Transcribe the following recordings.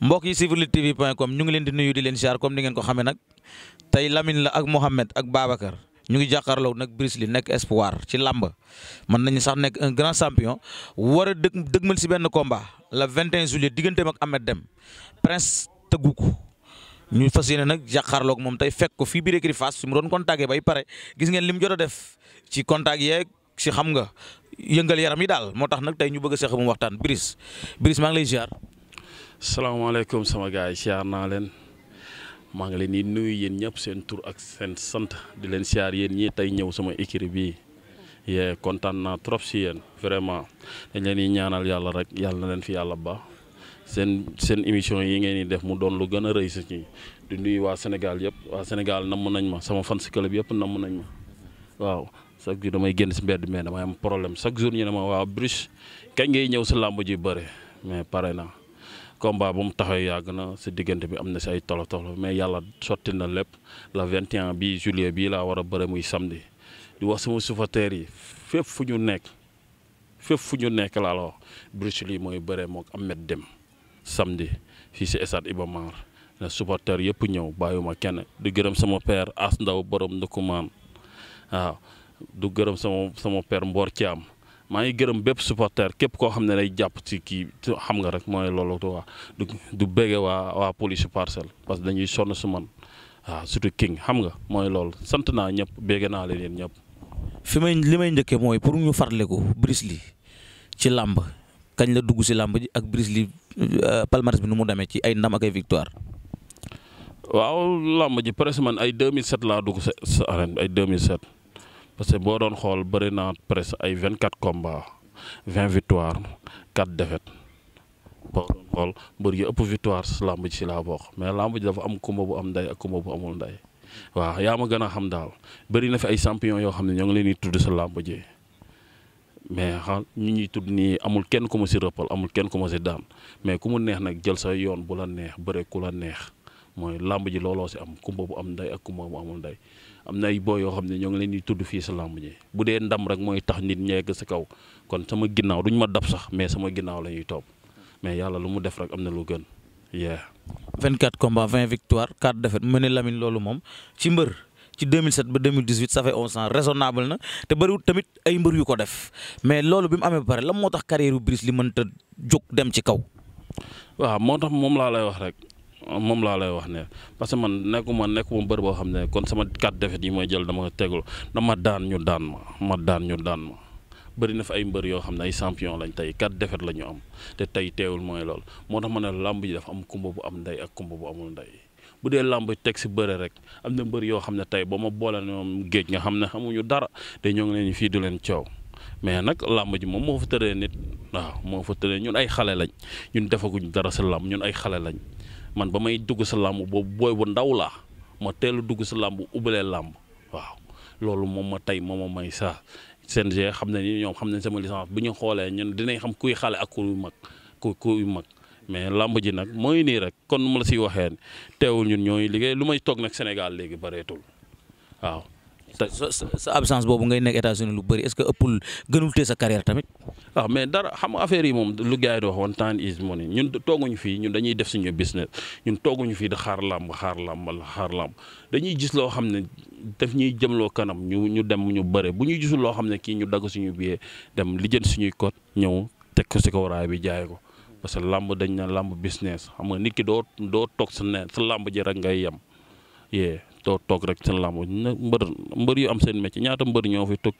mbokk yi suivre Lutte TV point ñu ngi leen di nuyu di leen siyaar comme ni ngeen ko xamee nag tey Lamine la ak Mohamed ak Babacar ñu ngi jàkkaarloo nag Brice li nekk espoir ci làmb mën nañu sax nekk un grand champion war a dëg dëgmal si benn combat le 21 juillet digganteem ak Ahmed Deme prince tëggu ko ñu fas yéene nag jàkkaarloo moom tey fekk ko fii biir écurie Fass su mu doon contacté bay pare gis ngeen li mu jot a def ci contact yeeg si xam nga yëngal yaram yi daal moo tax nag tey ñu bëgg a seq waxtaan Brice Brice maa ngi lay ziar. salaamaaleykum sama gars yi siyaar naa leen maa ngi leen di nuyu yéen ñëpp seen tur ak seen sant di leen siyaar yéen ñii tey ñëw sama écrit bii yee kontaan naa trop si yéen vraiment dañ leen yi ñaanal yàlla rek yàlla na leen fi yàlla ba seen seen émission yi ngeen di def mu doon lu gën a rëy si ñi di nuyu waa Sénégal yëpp waa Sénégal namm nañ ma sama fan si club yëpp namm nañ ma waaw chaque jour damay génn si mbedd mais damay am problème chaque jour ñu ne ma waa Bruce kañ ngay ñëw si ji bëre mais pare na combat ba mu taxawee yàgg na si diggante bi am na si ay tolof tolof mais yàlla sotti na lépp la vingt 21 bii juillet bii laa war a bëre muy samedi di wax sama supporters yi fépp fu ñu nekk fépp fu ñu nekk laa la wax Bruce Lee mooy bëre am Ahmed Dem samedi fii si stade Iba Mar ne supporters yëpp ñëw bàyyuma kenn di gërëm sama père As Ndaw borom Ndukumaan waaw du gërëm sama sama père Mbor Thiam maa ngi gërëm bépp supporter képp koo xam ne nay jàpp ci kii xam nga rek mooy loolu waa du du bége waa waa police parcelle parce que dañuy sonn su man surtout king xam nga mooy loolu sant naa ñëpp bége naa leen ñëpp. fi may li may njëkkee mooy pour ñu farleku Brice Lee ci làmb kañ la dugg si làmb ji ak Brice Lee euh, palmarès bi nu mu demee ci ay ndam ak ay victoire. waaw làmb ji presque man ay 2007 laa dugg sa arène ay 2007. parce que boo doon xool bëri naa presque ay vingt quatre combats vingt victoire quatre défaites boo doon xool mbër yi ëpp victoire sa làmb ji si laa bokk mais làmb ji dafa am kumba bu am ndey ak kumba bu amul ndey waaw yaa ma gën a xam daal bëri na fi ay champion yoo xam ne ñoo ngi leen di tudd sa làmb ji mais xam ñi ñuy tudd nii amul kenn ku ma si rëppal amul kenn ku ma si mais ku mu neex nag jël sa yoon bu la neex bëre ku la neex mooy làmb ji looloo si am kumba bu am ndey ak kumba bu amul ndey. am na ay boo yoo xam ne ñoo ngi leen tudd fii sa làmb ji bu dee ndam rek mooy tax nit ñegg sa kaw kon sama ginnaaw duñ ma dab sax mais sama ginnaaw la ñuy mais yàlla lu mu def rek am na lu gën yeah. 24 combats 20 victoires 4 défaites mu ne Lamine loolu moom ci mbër ci 2007 ba 2018 ça fait 11 ans raisonnable na te bëriwul tamit ay mbër yu ko def mais loolu bi mu amee ba pare lan moo tax carrière yu moom laa lay wax ne parce que man nekkuma nekkuma mbër boo xam ne kon sama quatre défaites yi may jël dama tegul dama daan ñu daan ma ma daan ñu daan ma bëri na fa ay mbër yoo xam ne ay champion lañ tey quatre défaites la am te tey mooy loolu moo tax ma ne làmb ji dafa am kumba bu am ndey ak kumba bu amul ndey bu dee làmb teg si bëre rek am na mbër yoo xam ne tey ba ma boole ñoom géej nga xam ne xamuñu dara te ñoo ngi leen fii du leen coow mais nag làmb ji moom moo fa tëree nit waaw moo fa tëree ñun ay xale lañ ñun defaguñu dara sa làmb ñun ay xale lañ man ba may dugg sa làmb boobu booy bu ndaw laa ma teelu dugg sa làmb ubbalee làmb waaw loolu moom ma tey moom ma may saa CNG xam na ni ñoom xam nañ sama licence bu ñu xoolee ñun dinañ xam kuy xale ak kuy mag ku kuy mag mais làmb ji nag mooy nii rek kon ma la siy waxee teewul ñun ñooy liggéey lu may toog nag Sénégal léegi bareetul waaw sa absence boobu ngay nekk États-Unis lu bëri est-ce que sa carrière tamit. waaw ah, mais dara xam nga yi moom lu gars yi di wax woon time is money ñun tooguñu fii ñun dañuy def suñu business ñun tooguñu fii di xaar làmb xaar làmb wala xaar làmb dañuy gis loo xam ne daf ñuy jëmloo kanam ñu ñu dem ñu bëre bu ñuy gisul loo xam ne kii ñu dagg suñu billet dem li lijjanti suñuy kot ñëw teg ko si kaw raay bi jaay ko. parce que làmb dañ na làmb business xam nga nit ki doo doo toog sa ne sa làmb ji rek ngay yem. doo toog rek seen làmb na mbër mbër yu am seen métier ñaata mbër ñoo fi toog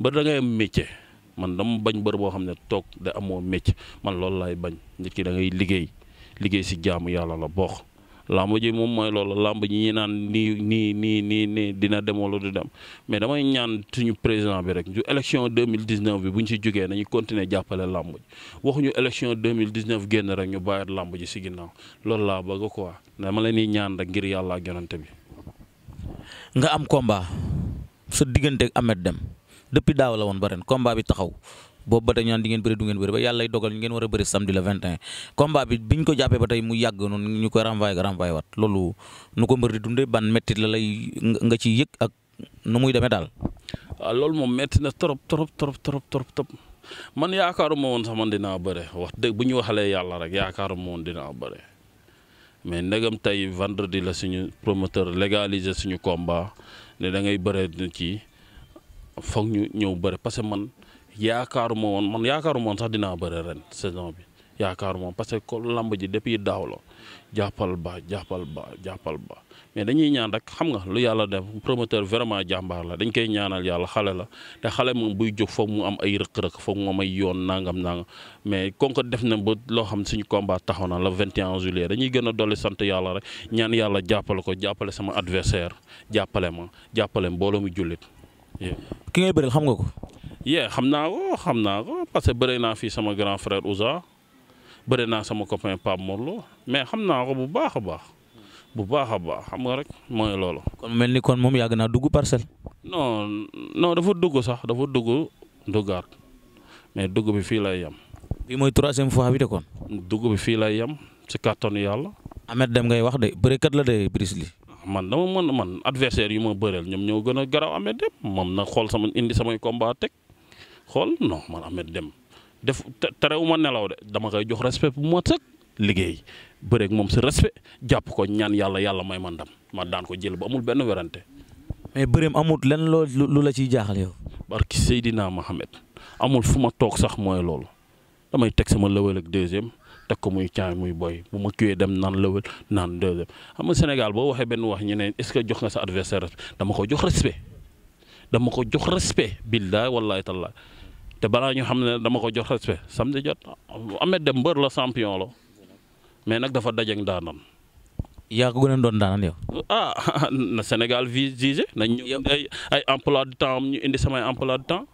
mbër da ngay am métier man dama bañ mbër boo xam ne toog da amoo métier man loolu laay bañ nit ki da ngay liggéey liggéey si jaamu yàlla la bokk. làmb ji moom mooy loolu làmb ji ñi naan nii nii nii nii nii dina dem wala du dem mais ñaan suñu président bi rek ñu élection 2019 bi bu ñu si nañu continuer jàppale làmb ji waxuñu élection 2019 génn rek ñu bàyyi làmb ji si ginnaaw loolu laa bëgg quoi dama leen di ñaan rek ngir yàlla ak yonante bi. nga am combat sa diggante ak dem Deme depuis daaw la woon ba ren combat bi taxaw boobu ba tey ñaan di ngeen bëri du ngeen bëri ba yàlla lay dogal ngeen war a bëri samedi le 21 combat bi biñ ko jàppee ba tey mu yàgg noonu ñu ko renvoyé ak renvoyé waat loolu nu ko mbër di dundee ban méttit la lay nga ci yëg ak nu muy demee daal. waaw ah, loolu moom métti na trop trop trop trop trop trop man yaakaaruma woon sax man dinaa bëre wax dëgg bu ñu waxalee yàlla rek yaakaaruma woon dina bëre. mais ndegam tey vendredi la suñu promoteur légaliser suñu combat ne da ngay bëre ci foog ñu ñëw bëre parce que man yaakaaruma woon man yaakaaruma woon sax dinaa bëre ren saison bi yaakaar moom parce que ko làmb ji depuis daaw la jàppal ba jàppal ba jàppal ba mais dañuy ñaan rek xam nga lu yàlla def promoteur vraiment jàmbaar la dañ koy ñaanal yàlla xale la te xale moom buy jóg foog mu am ay rëq-rëq foog mu am ay yoon nangam nangam mais kon ko def na ba loo xam suñu combat taxaw na le 21 juillet dañuy gën a dolli sant yàlla rek ñaan yàlla jàppale ko jàppale sama adversaire jàppale ma jàppale mbooloo mu jullit. ki ngay bëreel xam nga ko. yee xam bëri naa sama copain Pape Morlo mais xam naa ko bu baax a baax. bu baax a baax xam nga rek mooy loolu. kon mel ni kon moom yàgg naa dugg parcelle. no non dafa dugg sax dafa dugg duggaat mais dugg bi fii lay yem. bii mooy troisième fois bi de kon. dugg fii lay yem si kàttanu yàlla. Ahmed Deme ngay wax de bërekat la de Brice Lee. man dama mën man adversaire yu ma bëreel ñoom ñoo gën a garaw Ahmed Deme moom na xool sama indi samay combat xool no man Ahmed dem def terewuma nelaw de dama koy jox respect bu mot sëkk liggéey bëreeg moom si respect jàpp ko ñan yàlla yàlla may ma ndam ma daan ko jël ba amul benn werante mais bëreem amul lenn loo lu la ciy jaaxal yow. barki ma Mohamed amul fu ma toog sax mooy loolu damay teg sama lëwal ak deuxième teg ko muy caay muy boy bu ma kiiwee dem naan lëwal naan deuxième xam nga Sénégal boo waxee benn wax ñu ne est-ce que jox nga sa adversaire dama jox respect dama ko jox respect te balaa ñu xam ne dama ko jox respect samedi jot Ameth Dème mbër la champion la mais nag dafa dajeeg daanan. yaa ko gën a doon daanan yow. Ah, na Sénégal vi jugé nañ ñëw ay ay emploi du temps ñu indi samay emploi du temps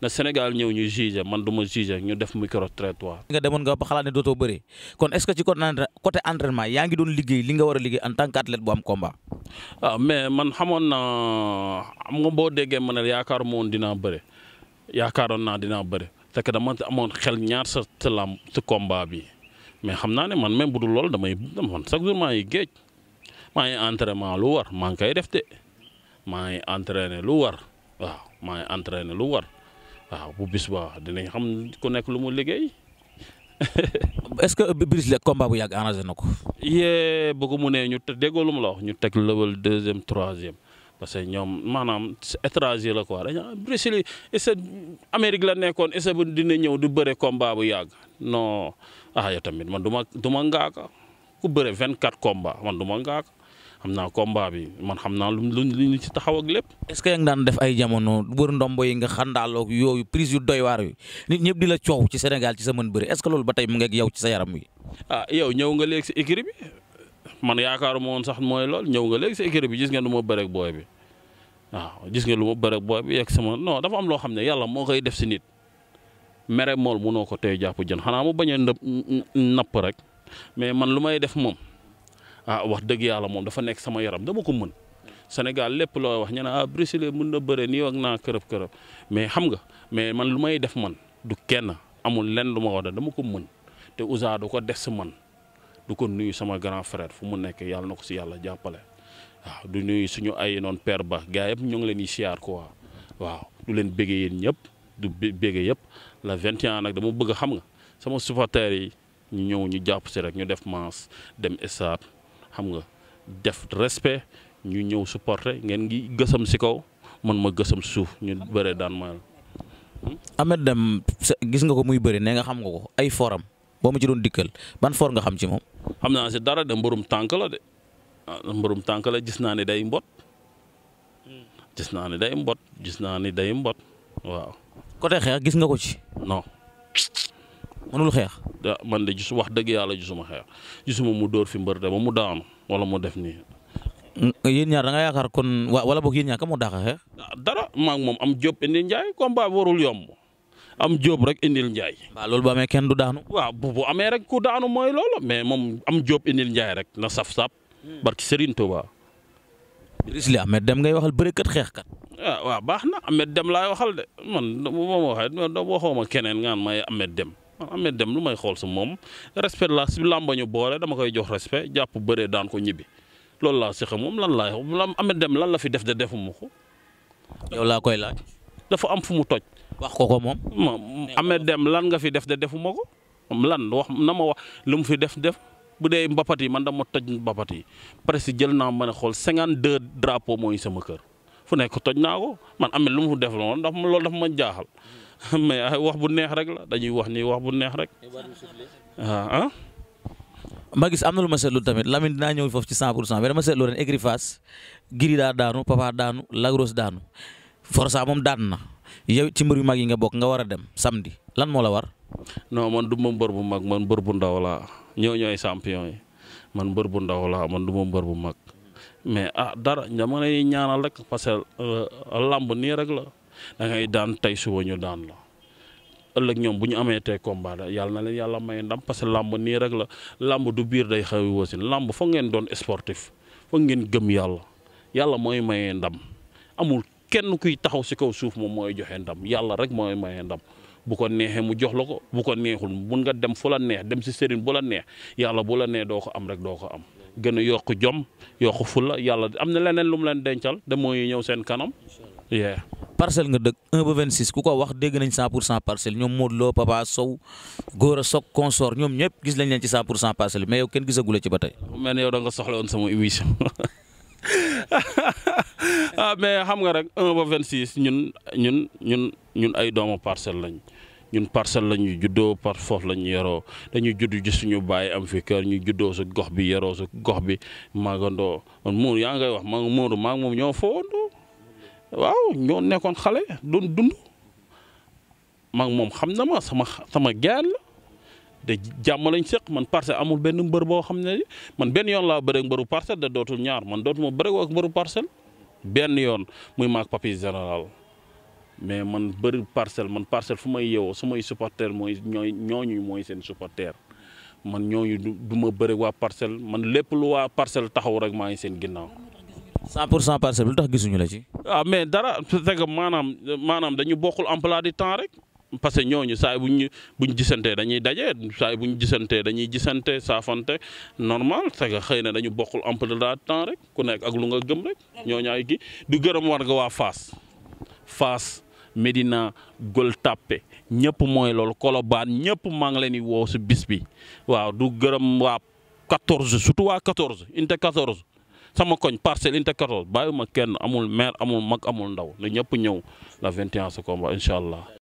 na Sénégal ñëw ñu jugé man du ma jugé ñu def micro trottoir. nga demoon nga ba xalaat ne dootoo bëri kon est-ce que ci côté entraînement yaa ngi doon liggéey li nga war a liggéey en tant qu'athlète bu am combat. ah mais man xamoon naa xam nga boo déggee ma yaakaar moon dinaa bëri. yaakaaroon naa dinaa bëri fekk dama amoon xel ñaar sa sa làmb bi mais xam naa ne man même bu dul lool damay man chaque jour maa ngi géej maa ngi entraînement lu war maa ngi koy def de maa ngi entraîné lu war waaw maa ngi lu war waaw bu bis ba dinañ xam ku nekk lu mu liggéey. est-ce que Brice Lee combat bu yàgg arrangé na ko. yee bu ko mu nee ñu te déggoo lu ma la wax ñu teg level deuxième troisième. parce que ñoom maanaam étranger la quoi dañu Brésil est-ce Amérique la nekkoon est-ce dina ñëw du bëre combat bu yàgg non ah tamit man du ma du ma ngaaka ku bëre vingt quatre combat man du ma ngaaka xam naa combat bi man xam naa lu lu ci taxaw ak lépp. est-ce que yaa ngi daan def ay jamono wër ndombo yi nga xandaaloo yooyu prise yu doy waar yi nit ñëpp di la coow ci Sénégal ci sa mën bëri est-ce que loolu ba tey mu ngi ak yow ci sa yaram wi. ah yow ñëw nga léegi si écurie man yaakaaruma woon sax mooy lool ñëw nga léegi sa équipe bi gis nga lu ma bëreeg booy bi waaw gis nga lu ma bëreeg booy bi yegg sama non dafa am loo xam ne yàlla moo koy def si nit mere mool munoo ko te jàpp jën xanaa mu bañ a napp rek mais man lu may def moom ah wax dëgg yàlla moom dafa nekk sama yaram dama ko mën lépp looy wax ñu ne ah Brésilien mën na bëre nii naa kërëb kërëb mais xam mais man lu may def man du kenn amul lenn lu ma war a dama ko mën te usa du ko def si man. du ko nuyu sama grand frère fu mu nekk yàlla na ko si yàlla jàppale waaw du nuyu suñu ay noon père ba gars yëpp ñoo ngi leen di siyaar ko waaw du leen béggee yéen ñëpp du béggee yëpp la vingt 21 nag dama bëgg xam nga sama supporters yi ñu ñëw ñu jàpp si rek ñu def masse dem stade xam nga def respect ñu ñëw supporter ngeen ngi gësëm si kaw man ma gësam suuf ñu bëree daan mayal. Hmm? Ameth Deme gis nga ko muy bëri ne nga xam nga ko ay foram boo ma ci doon dikkal ban for nga xam ci moom. xam naa si dara de mbërum tànk la de ah, mbërum tànk la gis naa ni day mbot gis naa ni day mbot gis naa ni day mbot waaw. côté xeex gis nga ko ci. non. mënul xeex. man de gisu wax dëgg yàlla gisuma xeex gisuma mu dóor fi mbër de mu daanu wala mu def nii. yéen ñaar da yaakaar kon wala boog yéen ñaar ka moo daax a xeex. Ah, dara maa moom am Diop indi Ndiaye combat warul yomb am jóob rek indil njaay. waaw loolu bu amee kenn du daanu. waaw bu bu amee rek ku daanu mooy loolu mais moom am jóob indil njaay rek na saf sap hmm. barki Serigne Touba. Idriss Ly Ahmed dem ngay waxal kat xeex kat ah, waaw baax na Ahmed dem laay waxal de man bu ma waxee ma keneen ngaan may Ahmed Deme man Ahmed Deme lu may xool su moom respect la si làmba ñu boole dama koy jox respect jàpp bare daan ko ñibbi loolu la si xam moom lan laay Ahmed dem lan la fi def de defuma ko. yow laa koy laaj. dafa am fu mu toj. wax ko ko moom. moom amee dem lan nga fi def de defuma ko lan wax na ma wax lu mu fi def def bu dee mbapat yi man dama toj mbapat yi presque jël naa ma ne xool cinquante deux drapeaux mooy sama kër fu nekk toj naa man amee lu mu fi def loolu dafa loolu dafa ma jaaxal mais wax bu neex rek la dañuy wax ni wax bu neex rek. Ah, ah ma gis am na lu ma seetlu tamit Lamine dinaa ñëw foofu ci cent pour cent mais dama seetlu ren Aigri Fass daa daanu Papa daanu Lagros daanu. Forza moom daan na yow ci mbër yu mag yi nga bokk nga war a dem samdi lan moo la war. non man du ma mbër bu mag man mbër bu ndaw laa ñoo ñooy champion man mbër bu ndaw laa man du ma mbër bu mag mais ah dara dama lay ñaanal rek parce que euh, làmb nii rek la da daan tey suba ñu daan la. ëllëg ñoom bu ñu amee te combat yàlla na leen yàlla may ndam parce que làmb nii rek la làmb du biir day xawi wasin làmb foog ngeen doon sportif foog ngeen gëm yàlla yàlla mooy mayee ndam amul kenn kuy taxaw si kaw suuf moom mooy joxe ndam yàlla rek mooy maye ndam bu ko neexee mu jox la ko bu ko neexul mun nga dem fu la neex dem si sëriñ bu la neex yàlla bu la neex doo ko am rek doo ko am. gën a yokk jom yokk la yàlla am na leneen lu mu leen dencal de mooy ñëw seen kanam. yeah parcelle nga dëkk 1 ba 26 ku ko wax dégg nañ 100 pour cent parcelle ñoom Modou Lo Papa Sow Gora Sock consort ñoom ñëpp gis lañ leen ci 100 pour cent parcelle mais yow kenn gisagula ci ba tey. mel ne ah mais xam nga rek 1 ba 26 ñun ñun ñun ñun ay doomu parcelle lañ ñun parcelle lañ ñu juddoo par foofu lañ yoroo dañuy judd ji suñu bàyyi am fi kër ñu juddoo su gox bi yoroo su gox bi màggandoo kon Mourou yaa ngay wax ma Mourou maa moom ñoo foondoo waaw ñoo nekkoon xale doon dund maa moom xam na ma sama sama gàll de jàmm lañ seq man parcelle amul benn mbër boo xam ne man benn yoon laa bëreeg mbëru parcelle da dootul ñaar man dootuma bëreeg ak mbëru parcelle. benn yoon muy maak papi général mais man bëri parcelle man parcelle fu may yeewoo su may supporter mooy ñooy ñooñu mooy seen supporter man ñooñu du ma bëri waa parcelle man lépp lu waa parcelle taxaw rek maa ngi seen ginnaaw. 100 pour cent parcelle bi lu tax gisuñu la ci. ah mais dara c'est que maanaam dañu bokkul emploi du temps rek. parce que ñooñu saa bu ñu bu ñu gisantee dañuy daje saa bu ñu gisantee dañuy gisante saafante normal se que xëy na dañu bokkul emploi du temps rek ku nekk ak lu nga gëm rek ñooñu ay kii du gërëm war nga waa Fass Fass Médina Gueule Tapée ñëpp mooy loolu Colobane ñëpp maa ngi leen di woo si bis bi waaw du gërëm waa 14 surtout waa 14 inte 14. sama koñ parcelle unité 14 ma kenn amul maire amul mag amul ndaw na ñëpp ñëw la 21 sa combat incha allah.